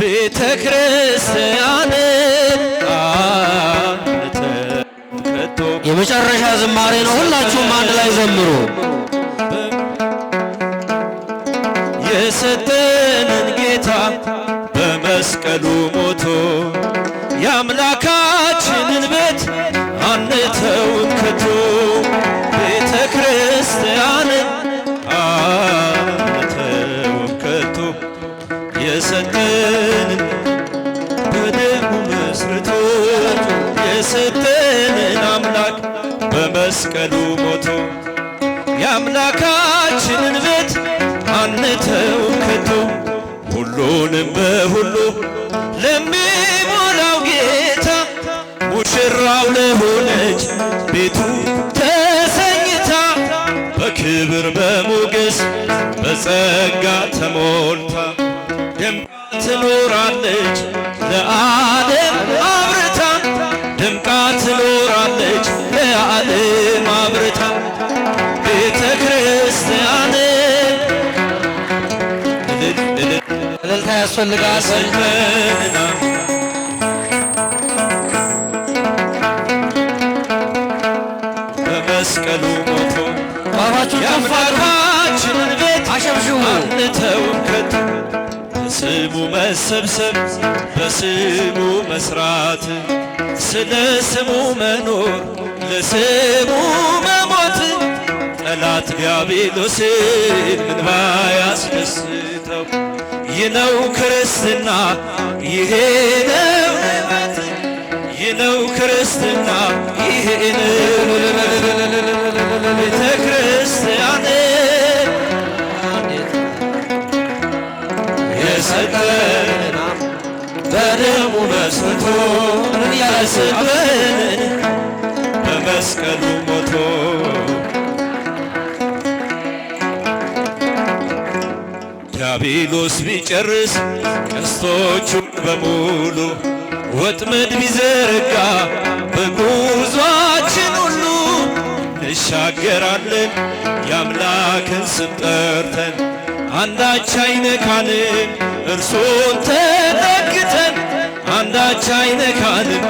ቤተ ክርስቲያን የመጨረሻ ዝማሬ ነው። ሁላችሁም አንድ ላይ ዘምሩ። የሰጠንን ጌታ በመስቀሉ ሞቶ የአምላካችንን ቤት አንተውም ከቶ ቤተ ክርስቲያንን አንተውም ከቶ የሰጠ የሰጠንን አምላክ በመስቀሉ ሞቶ የአምላካችንን ቤት አንተው ከቶ ሁሉንም በሁሉ ለሚሞላው ጌታ ሙሽራው ለሆነች ቤቱ ተሰኝታ በክብር በሞገስ በጸጋ ተሞልታ ደምቃ ትኖራለች ለዓለም አብረ ጌታ ያስፈልጋል። በመስቀሉ ሞቶ የአባታችንን ቤት አሸብሽቡ አንተውም ከቶ በስሙ መሰብሰብ በስሙ መስራት ስለ ስሙ መኖር ለስሙ መሞት ጠላት ዲያብሎስን ምንባ ያስደስተው ይነው ክርስትና ይሄነው ይነው ክርስትና ይሄን ቤተ ክርስቲያን የሰጠና በደሙ መስቶ ያስበን በመስቀሉ ሞቶ ዲያብሎስ ቢጨርስ ቀስቶቹን በሙሉ ወጥመድ ቢዘረጋ በጉዟችን ሁሉ እንሻገራለን። የአምላክን ስም ጠርተን አንዳች አይነካንም እርሱን ተጠግተን አንዳች አይነካንም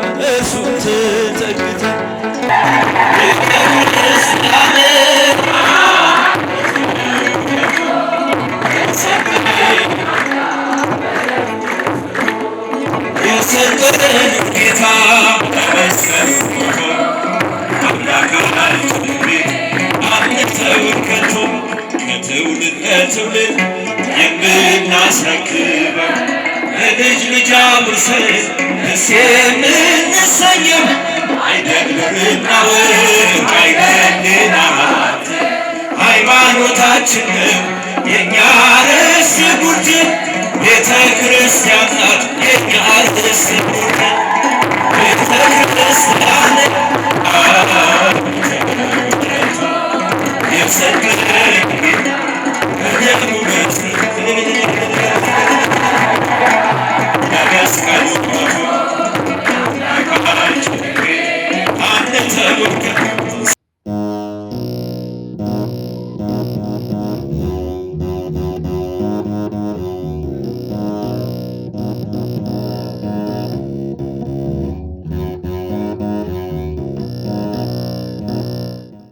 ከትውልድ ከትውልድ የምናስረክበው ልጅ ውርስን ደስ የምንሰኘው ሃይማኖታችን ነው desse lugar.